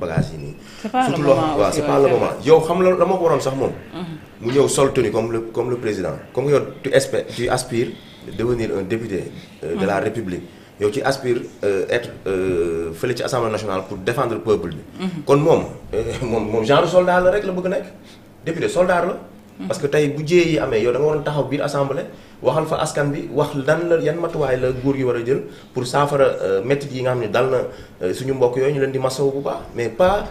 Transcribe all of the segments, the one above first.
bagage yi nii. surtout loo xam yow xam la la ko waroon sax moom. Mhm. mu ñëw sol tenue comme le comme le président comme yow tu espères tu aspires devenir un député. Euh, de mhm. la république yow ci aspir euh, être euh, fële ci assemblée nationale pour défendre peuple bi. Mhm. kon moom moom moom genre soldat la rek la bëgg nekk député soldat la. parce que tey bu jiyee yi amee yow da nga waroon taxaw biir assemblée waxal fa askan bi wax lan la yan matuwaay la góor gi war a jël pour saafara euh, métit yi nga xam ne dal na euh, suñu mbokk yooyu ñu leen di masaw bu baax mais pas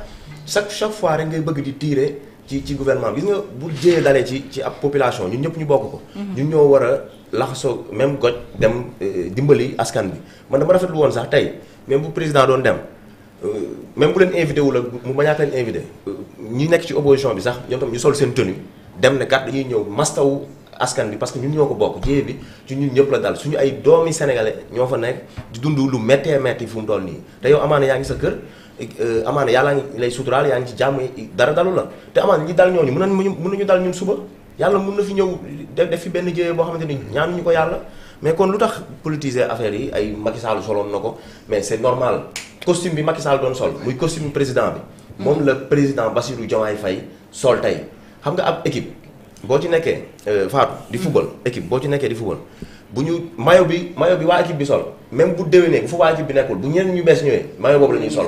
chaque chaque fois rek ngay bëgg di tiire ci ci guvernement bi gis nga bu jiyee dalee ci ci ab population ñu ñëpp ñu bokk ko. Mhm. ñun ñoo war a laxasoo même goj dem euh, dimbali askan bi man dama rafetlu woon sax tey même bu président doon dem. même bu leen invité wu la mu bañaat leen invité nekk ci opposition bi sax ñoom ñu sol seen tenue dem ne kat ñuy ñëw mastawu askan bi parce que ñun ñoo ko bokk jéye bi ci ñun ñëpp la dal suñu ay doomi sénégalais ñoo fa nekk di dund lu méttee métti fu mu toll nii te yow amaana yaa ngi sa kër euh, amaana yàllaa ngi lay suturaal yaa dara dalu la te amaana ñi dal ñooñu mën nañu mën nañu dal ñun suba yàlla mun na fi ñëw def fi benn jéye boo xamante ni ñaanuñu ko yàlla mais kon lu tax politiser affaire yi ay Macky Sall soloon na ko mais c'est normal costume bi Macky Sall doon sol muy costume président bi moom la président Bassirou Diomaye Faye sol tey xam nga ab équipe boo ci nekkee euh, Fatou di mm. football équipe boo ci nekkee di football bu ñu mayo bi maillot bi waa équipe bi sol même bu déwénee bu fa waa équipe bi nekkul bu ñeneen ñu bees ñëwee maillot boobu la ñuy sol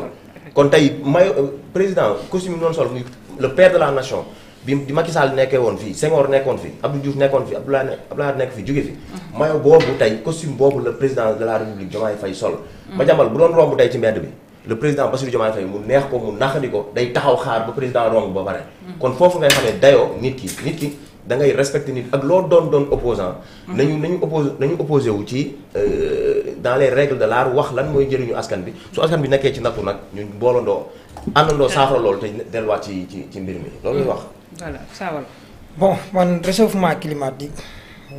kon tey maillot euh, président costume noonu sol muy le père de la nation bi di Macky Sall nekkee woon fii Senghor nekkoon fi Abdou Diouf nekkoon fi Abdoulaye Abdoulaye nekk fi jóge fi mm. maillot boobu tey costume boobu la président de la République Diomaye sol mm. ma jàmbal bu doon romb tey ci mbedd bi le président Bassirou Diomaye Faye mu neex ko mu naxandi ko day taxaw xaar ba président romb ba pare. kon foofu ngay xamee dayoo nit ki nit ki da ngay respecté nit ak loo doon doon opposant nañu nañu opposé nañu opposé wu ci euh, dans les règles de laar wax lan mooy njëriñu askan bi su askan bi nekkee ci nattu nag ñu boolandoo àndandoo saafara loolu te delluwaat ci ci ci mbir mi loolu lay mm. wax. voilà saawal. bon man réchauffement climatique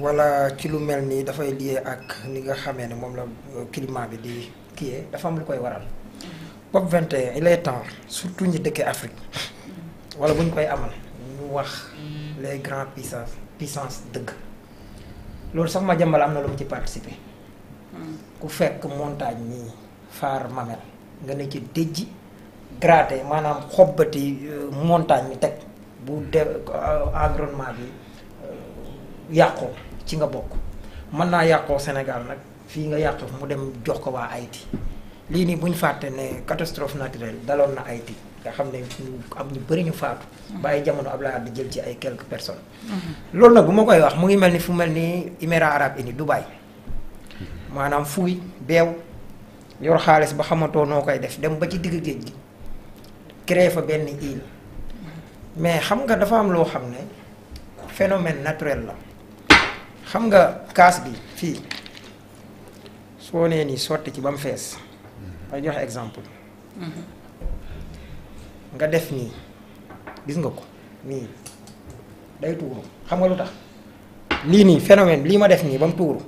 wala ci lu mel nii dafay lié ak ni nga xamee ne moom la euh, climat bi di kii dafa am lu koy waral. COP 21 il est temps surtout ñi dëkkee Afrique wala bu ñu koy amal ñu wax les grands puissances puissance dëgg loolu sax ma jàmbal am na lu mu ci participer ku fekk montagne nii faar Mamel nga ne ci dëjji gratté maanaam xobbati euh, montagne bi teg bu de euh, environnement bi euh, yàqoo ci nga bokk mën naa yàqoo Sénégal nag fii nga yàq mu dem jox ko waa Haïti lii nii bu ñu fàtte ne catastrophe naturelle daloon na Haïti nga xam ne am ñu bëri ñu faatu. bàyyi jamono jamono Abdoulaye Wade jël ci ay quelques personnes. Mhm. loolu nag bu ma koy wax mu ngi mel ni fu mel ni Émirats arabes unis Dubaï maanaam fuuy beew yor xaalis ba xamatoo noo koy def dem ba ci digg géej gi créer fa benn île mais xam nga dafa am loo xam ne phénomène naturel la xam nga kaas bi fii soo nee nii sotti ci ba mu fees. may joxe exemple. nga def nii gis nga ko nii day tuuru xam nga lu tax lii nii phénomène lii ma def nii ba mu tuuru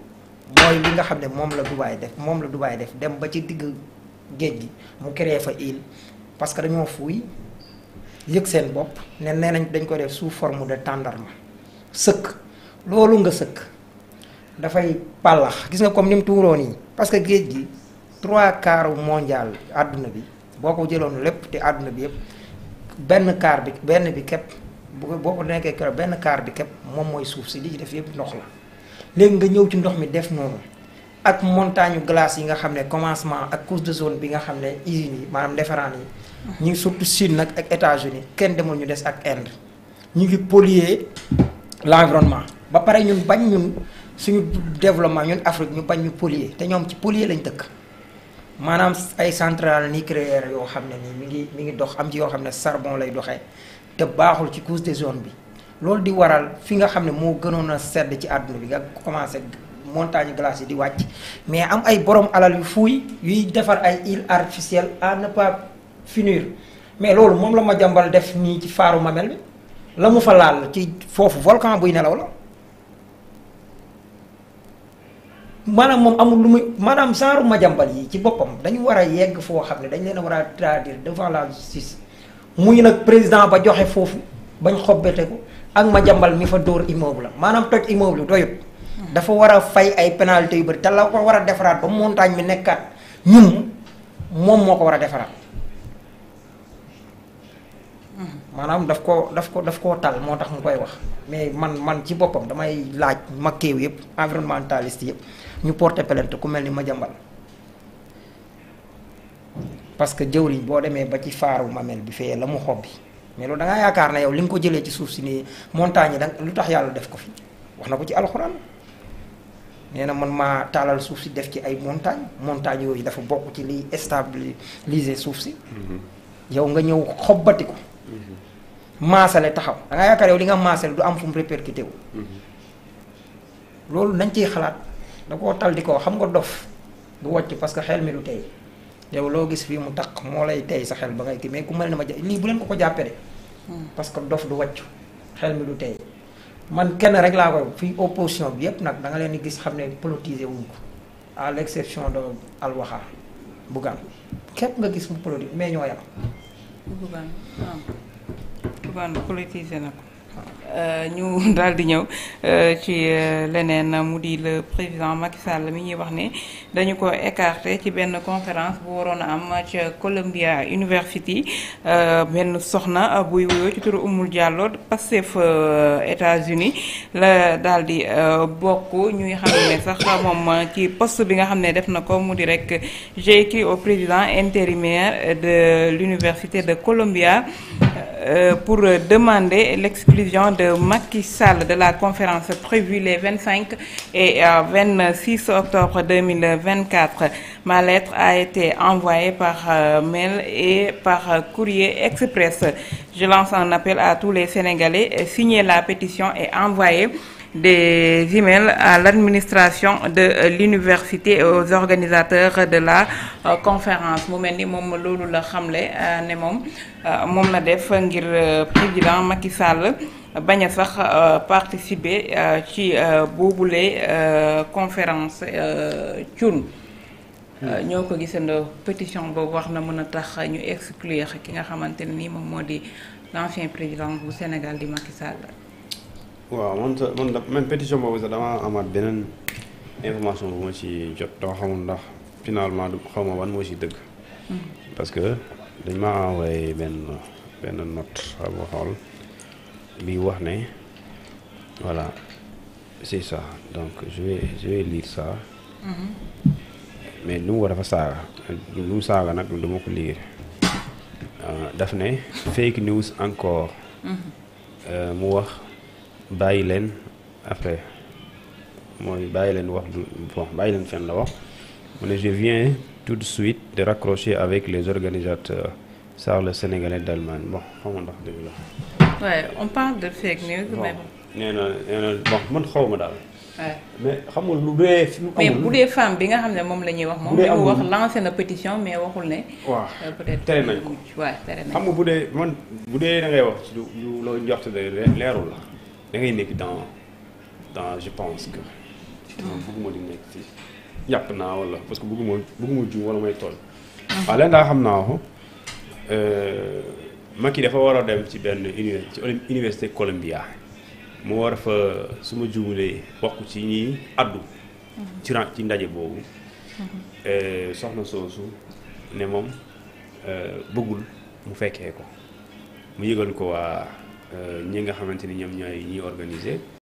mooy li nga xam ne moom la Dubaay def moom la Dubaay def dem ba ci digg géej gi mu créé fa île parce que dañoo fuuy yëg seen bopp ne nee nañ dañ ko def sous forme de tendarme sëkk loolu nga sëkk dafay pàllax gis nga comme ni mu tuuroo nii parce géej gi. trois quarts mondial àdduna bi boo ko jëloon lépp te àdduna bi yëpp benn quart bi benn bi képp bu boo ko nekkee keroog benn quart bi képp moom mooy suuf si li ci def yëpp ndox la léegi nga ñëw ci ndox mi def noonu ak montagne glace yi nga xam ne commencement ak couche de zone bi nga xam ne usines yi maanaam différents yi ñu ngi surtout Chine nag ak États-Unis kenn demul ñu des ak Inde ñu ngi polluer l'environnement ba pare ñun bañ ñun suñu développement ñun Afrique ñu bañ ñu te ñoom ci polluer lañ dëkk maanaam ay centrale nucléaire yoo xam ne nii mi ngi mi ngi dox am ci yoo xam ne sarbon lay doxee te baaxul ci couche zone bi loolu di waral fi nga xam ne moo gënoon a sedd ci àdduna bi nga commencé montagne glace yi di wàcc mais am ay borom alal yu fuuy yuy defar ay îles artificielles à ne pas finir mais loolu moom la ma jàmbal def nii ci faaru Mamel bi la mu fa laal ci foofu volcan buy nelaw la maanaam moom amul lu muy maanaam genre majambal yi ci boppam dañu war a yegg foo xam ne dañu leen a war a traduire devant la justice muy nag président ba joxe foofu bañ xobbete ko ak majambal mi fa dóor immeuble la maanaam toj immeuble doyut dafa war a fay ay pénalité yu bëri te la ko war a defaraat ba montagne mi nekkaat ñun moom moo ko war a defaraat maanaam daf koo daf ko daf koo tal moo tax mu koy wax mais man man ci boppam damay laaj makkeew yëpp environnementaliste yëpp ñu porter plainte ku mel ni ma Madiambal parce que jëwriñ boo demee ba ci faaru mamel bi fee la mu xobbi mais loolu da yaakaar na yow li nga ko jëlee ci suuf si ni montagne yi da lu tax yàlla def ko fi wax na ko ci alxuraan nee na man maa taalal suuf si def ci ay montagne montagne yooyu dafa bokk ci liy stabiliser suuf si mm-hmm. yow nga ñëw xobbati ko maasale taxaw da nga yaakaar yow li nga maasale du am fu mu répercuté wu. Mhm. loolu nañ ciy xalaat da koo tal di koo xam nga dof du wocc parce que xel mi du tey yow loo gis fii mu taq moo lay tey sa xel ba ngay kii mais ku mel ne ma ja lii bu leen ko ko jàppee de. Hmm. parce que dof du wocc xel mi du tey. man kenn rek laa koy fii opposition bi yépp nag da nga leen di gis xam ne politiser wuñ ko à l'exception de Alwaxa Bougane képp nga gis mu politique mais ñoo yam Bougane politiser na ko Euh, ñu daal di ñëw euh, ci euh, leneen mu di le président Macky Sall mi ñuy wax ne dañu ko écarté ci benn conférence bu waroon a am ca Columbia University benn soxna buy wuyoo ci turu Oumou Diallo Pastef États-Unis la daal di bokk ñuy xam ne sax moom ci post bi nga xam ne def na ko mu di rek j'ai écrit au président intérimaire de l'université de Columbia pour demander prévision de Macky Sall de la conférence prévue les 25 et 26 euh, octobre 2024. Ma lettre a été envoyée par euh, mail et par euh, courrier express. Je lance un appel à tous les Sénégalais, signez la pétition et envoyez des emails à l'administration de l'université et aux de la euh, conférence mu mel ni moom loolu la xamle euh, ne moom euh, moom la def ngir président Macky Sall bañ a sax participer ci boobule conférence Thioune. Hmm. ñoo ko gisandoo pétition boobu wax na mën a tax ñu exclure ki nga xamante ne ni moom moo di l'ancien président bu Sénégal di Macky Sall. waaw man sa man da man pétition boobu sax damaa amaat beneen information bu ma ci jot doo xamul ndax finalement du xaw ma wan moo ci dëgg. Mm-hmm. que dañ ma envoyé benn benn note wax ne voilà c'est ça donc je vais dafa mm-hmm. saaga lu mu saaga nag du ma ko lire euh, daf ne fake news encore. Mm-hmm. Euh, mu wax. bàyyi leen affaire mooy bàyyi leen wax bon bàyyi leen fen la wax mu ne je viens tout de suite de raccrocher avec les organisateurs ça le sénégalais d'Allemagne bon xaw ma ndax dëgg la. waaye on parle de fake news. na nee man xaw ma daal. xam nga bu dee femme bi nga xam ne moom la ñuy wax moom. li wax lancé na pétition mais waxul ne. waaw euh, tere nañ ko peut être waaw tere nañ ko. xam nga bu dee man bu dee da ngay wax ci lu loo njort de leerul la. da ngay nekk dans dans je pense que. non di nekk fii yàpp naa wala parce que bëgguma bëgguma juum wala may toll. Ah. waaw leen daa xam naa ko euh, Macky dafa war a dem ci benn université ci université Columbia mu war a fa suma ma juumalee bokk ci ñi addu. Mhm. ci ci ndaje boobu. Mhm. Euh, soxna soosu ne moom euh, bëggul mu fekkee ko mu yëgal ko waa. Euh, ñi nga xamante ni ñoom ñooy ñiy organiser